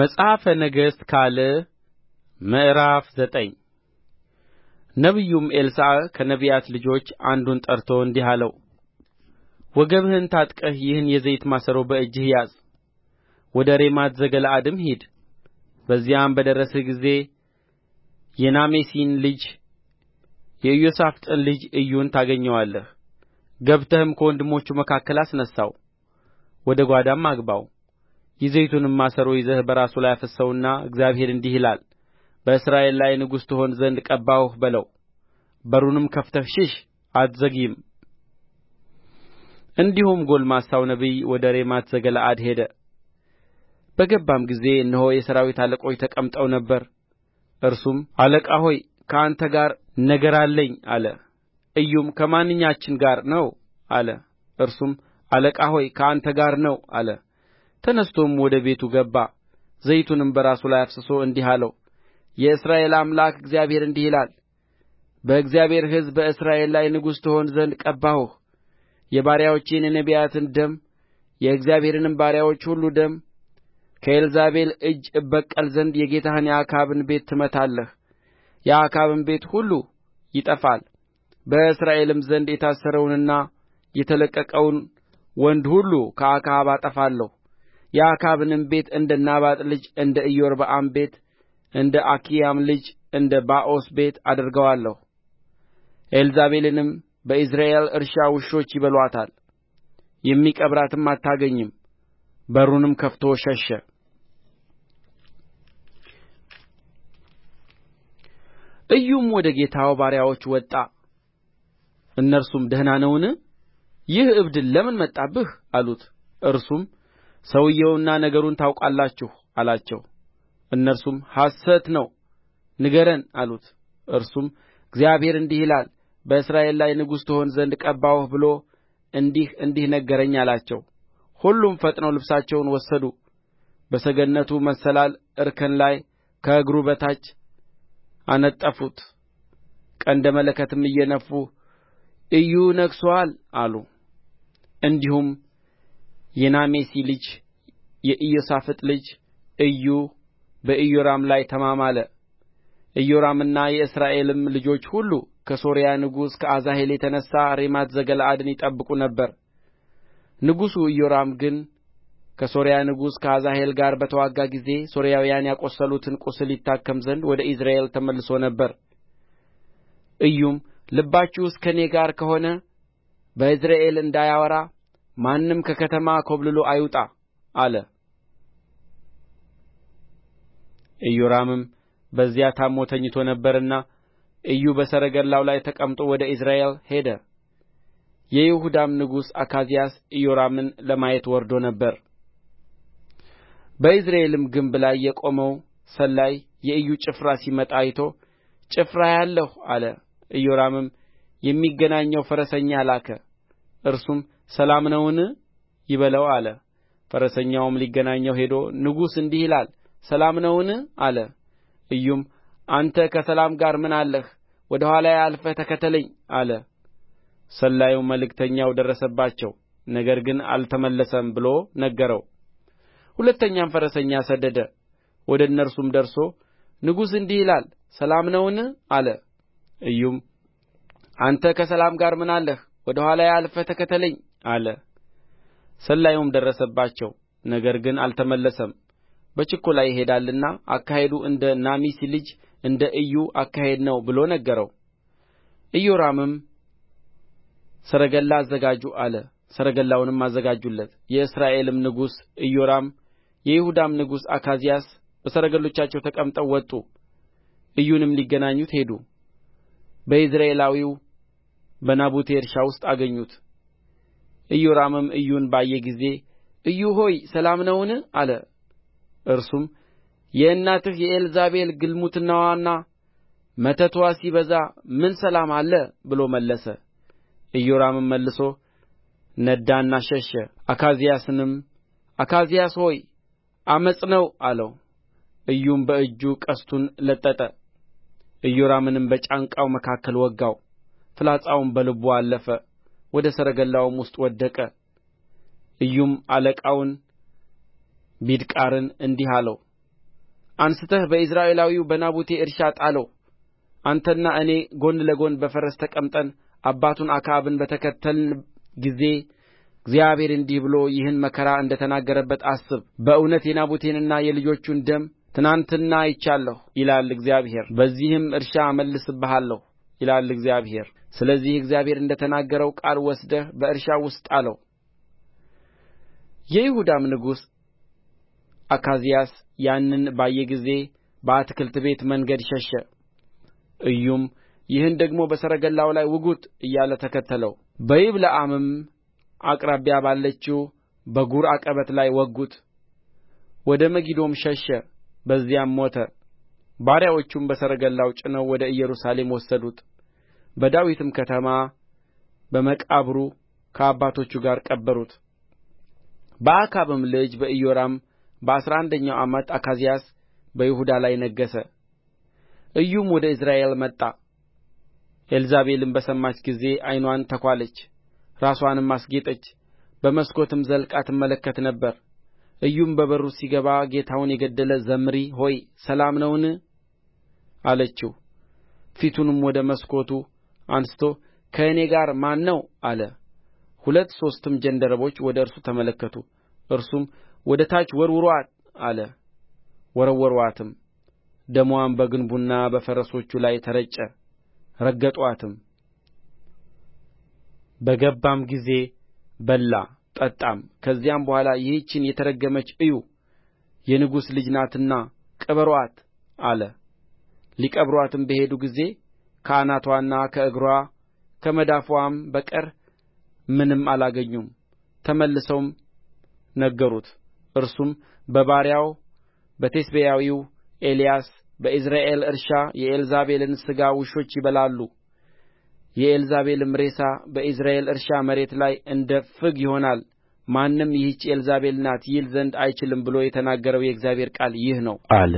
መጽሐፈ ነገሥት ካልዕ ምዕራፍ ዘጠኝ ነቢዩም ኤልሳዕ ከነቢያት ልጆች አንዱን ጠርቶ እንዲህ አለው ወገብህን ታጥቀህ ይህን የዘይት ማሰሮ በእጅህ ያዝ ወደ ሬማት ዘገለዓድም ሂድ በዚያም በደረስህ ጊዜ የናሜሲን ልጅ የኢዮሣፍጥን ልጅ ኢዩን ታገኘዋለህ ገብተህም ከወንድሞቹ መካከል አስነሣው ወደ ጓዳም አግባው የዘይቱንም ማሰሮ ይዘህ በራሱ ላይ አፍስሰውና እግዚአብሔር እንዲህ ይላል በእስራኤል ላይ ንጉሥ ትሆን ዘንድ ቀባሁህ በለው በሩንም ከፍተህ ሽሽ አትዘግይም እንዲሁም ጕልማሳው ነቢይ ወደ ሬማት ዘገለዓድ ሄደ በገባም ጊዜ እነሆ የሠራዊት አለቆች ተቀምጠው ነበር እርሱም አለቃ ሆይ ከአንተ ጋር ነገር አለኝ አለ ኢዩም ከማንኛችን ጋር ነው አለ እርሱም አለቃ ሆይ ከአንተ ጋር ነው አለ ተነሥቶም ወደ ቤቱ ገባ ዘይቱንም በራሱ ላይ አፍስሶ እንዲህ አለው የእስራኤል አምላክ እግዚአብሔር እንዲህ ይላል በእግዚአብሔር ሕዝብ በእስራኤል ላይ ንጉሥ ትሆን ዘንድ ቀባሁህ የባሪያዎቼን የነቢያትን ደም የእግዚአብሔርንም ባሪያዎች ሁሉ ደም ከኤልዛቤል እጅ እበቀል ዘንድ የጌታህን የአክዓብን ቤት ትመታለህ የአክዓብም ቤት ሁሉ ይጠፋል በእስራኤልም ዘንድ የታሰረውንና የተለቀቀውን ወንድ ሁሉ ከአክዓብ አጠፋለሁ የአክዓብንም ቤት እንደ ናባጥ ልጅ እንደ ኢዮርብዓም ቤት እንደ አኪያም ልጅ እንደ ባኦስ ቤት አደርገዋለሁ ኤልዛቤልንም በኢይዝራኤል እርሻ ውሾች ይበሉአታል የሚቀብራትም አታገኝም በሩንም ከፍቶ ሸሸ ኢዩም ወደ ጌታው ባሪያዎች ወጣ እነርሱም ደህና ነውን ይህ እብድ ለምን መጣብህ አሉት እርሱም ሰውዮውንና ነገሩን ታውቃላችሁ አላቸው እነርሱም ሐሰት ነው ንገረን አሉት እርሱም እግዚአብሔር እንዲህ ይላል በእስራኤል ላይ ንጉሥ ትሆን ዘንድ ቀባሁህ ብሎ እንዲህ እንዲህ ነገረኝ አላቸው ሁሉም ፈጥነው ልብሳቸውን ወሰዱ በሰገነቱ መሰላል እርከን ላይ ከእግሩ በታች አነጠፉት ቀንደ መለከትም እየነፉ ኢዩ ነግሦአል አሉ እንዲሁም የናሜሲ ልጅ የኢዮሣፍጥ ልጅ ኢዩ በኢዮራም ላይ ተማማለ ኢዮራምና የእስራኤልም ልጆች ሁሉ ከሶርያ ንጉሥ ከአዛሄል የተነሣ ሬማት ዘገለዓድን ይጠብቁ ነበር ንጉሡ ኢዮራም ግን ከሶርያ ንጉሥ ከአዛሄል ጋር በተዋጋ ጊዜ ሶርያውያን ያቈሰሉትን ቍስል ይታከም ዘንድ ወደ ኢይዝራኤል ተመልሶ ነበር ኢዩም ልባችሁስ ከእኔ ጋር ከሆነ በኢይዝራኤል እንዳያወራ ማንም ከከተማ ኰብልሎ አይውጣ አለ ኢዮራምም በዚያ ታምሞ ተኝቶ ነበርና ኢዩ በሰረገላው ላይ ተቀምጦ ወደ ኢይዝራኤል ሄደ የይሁዳም ንጉሥ አካዝያስ ኢዮራምን ለማየት ወርዶ ነበር በኢይዝራኤልም ግንብ ላይ የቆመው ሰላይ የኢዩ ጭፍራ ሲመጣ አይቶ ጭፍራ አያለሁ አለ ኢዮራምም የሚገናኘው ፈረሰኛ ላከ እርሱም ሰላም ነውን ይበለው አለ ፈረሰኛውም ሊገናኘው ሄዶ ንጉሡ እንዲህ ይላል ሰላም ነውን አለ ኢዩም አንተ ከሰላም ጋር ምን አለህ ወደ ኋላዬ አልፈህ ተከተለኝ አለ ሰላዩም መልእክተኛው ደረሰባቸው ነገር ግን አልተመለሰም ብሎ ነገረው ሁለተኛም ፈረሰኛ ሰደደ ወደ እነርሱም ደርሶ ንጉሡ እንዲህ ይላል ሰላም ነውን አለ ኢዩም አንተ ከሰላም ጋር ምን አለህ ወደ ኋላዬ አልፈህ ተከተለኝ አለ ሰላዩም ደረሰባቸው ነገር ግን አልተመለሰም በችኰላ ይሄዳልና አካሄዱ እንደ ናሜሲ ልጅ እንደ ኢዩ አካሄድ ነው ብሎ ነገረው ኢዮራምም ሰረገላ አዘጋጁ አለ ሰረገላውንም አዘጋጁለት የእስራኤልም ንጉሥ ኢዮራም የይሁዳም ንጉሥ አካዝያስ በሰረገሎቻቸው ተቀምጠው ወጡ ኢዩንም ሊገናኙት ሄዱ በኢይዝራኤላዊው በናቡቴ እርሻ ውስጥ አገኙት ኢዮራምም ኢዩን ባየ ጊዜ ኢዩ ሆይ ሰላም ነውን አለ እርሱም የእናትህ የኤልዛቤል ግልሙትናዋና መተትዋ ሲበዛ ምን ሰላም አለ ብሎ መለሰ ኢዮራምም መልሶ ነዳና ሸሸ አካዝያስንም አካዝያስ ሆይ ዓመፅ ነው አለው ኢዩም በእጁ ቀስቱን ለጠጠ ኢዮራምንም በጫንቃው መካከል ወጋው ፍላጻውም በልቡ አለፈ ወደ ሰረገላውም ውስጥ ወደቀ ኢዩም አለቃውን ቢድቃርን እንዲህ አለው አንሥተህ በኢይዝራኤላዊው በናቡቴ እርሻ ጣለው አንተና እኔ ጎን ለጎን በፈረስ ተቀምጠን አባቱን አክዓብን በተከተልን ጊዜ እግዚአብሔር እንዲህ ብሎ ይህን መከራ እንደ ተናገረበት አስብ በእውነት የናቡቴንና የልጆቹን ደም ትናንትና አይቻለሁ ይላል እግዚአብሔር በዚህም እርሻ እመልስብሃለሁ ይላል እግዚአብሔር ስለዚህ እግዚአብሔር እንደ ተናገረው ቃል ወስደህ በእርሻው ውስጥ ጣለው የይሁዳም ንጉሥ አካዝያስ ያንን ባየ ጊዜ በአትክልት ቤት መንገድ ሸሸ ኢዩም ይህን ደግሞ በሰረገላው ላይ ውጉት እያለ ተከተለው በይብለዓምም አቅራቢያ ባለችው በጉር ዐቀበት ላይ ወጉት ወደ መጊዶም ሸሸ በዚያም ሞተ ባሪያዎቹም በሰረገላው ጭነው ወደ ኢየሩሳሌም ወሰዱት በዳዊትም ከተማ በመቃብሩ ከአባቶቹ ጋር ቀበሩት በአክዓብም ልጅ በኢዮራም በአሥራ አንደኛው ዓመት አካዝያስ በይሁዳ ላይ ነገሠ ኢዩም ወደ ኢይዝራኤል መጣ ኤልዛቤልም በሰማች ጊዜ ዓይንዋን ተኳለች ራስዋንም አስጌጠች በመስኮትም ዘልቃ ትመለከት ነበር ኢዩም በበሩ ሲገባ ጌታውን የገደለ ዘምሪ ሆይ ሰላም ነውን አለችው ፊቱንም ወደ መስኮቱ አንሥቶ ከእኔ ጋር ማን ነው አለ ሁለት ሦስትም ጃንደረቦች ወደ እርሱ ተመለከቱ እርሱም ወደ ታች ወርውሩአት አለ ወረወሩአትም ደምዋም በግንቡና በፈረሶቹ ላይ ተረጨ ረገጡአትም በገባም ጊዜ በላ ጠጣም ከዚያም በኋላ ይህችን የተረገመች እዩ የንጉሥ ልጅ ናትና ቅበሩአት አለ ሊቀብሩአትም በሄዱ ጊዜ ከአናትዋና ከእግርዋ ከመዳፍዋም በቀር ምንም አላገኙም ተመልሰውም ነገሩት እርሱም በባሪያው በቴስብያዊው ኤልያስ በኢይዝራኤል እርሻ የኤልዛቤልን ሥጋ ውሾች ይበላሉ የኤልዛቤልም ሬሳ በኢይዝራኤል እርሻ መሬት ላይ እንደ ፍግ ይሆናል ማንም ይህች ኤልዛቤል ናት ይል ዘንድ አይችልም ብሎ የተናገረው የእግዚአብሔር ቃል ይህ ነው አለ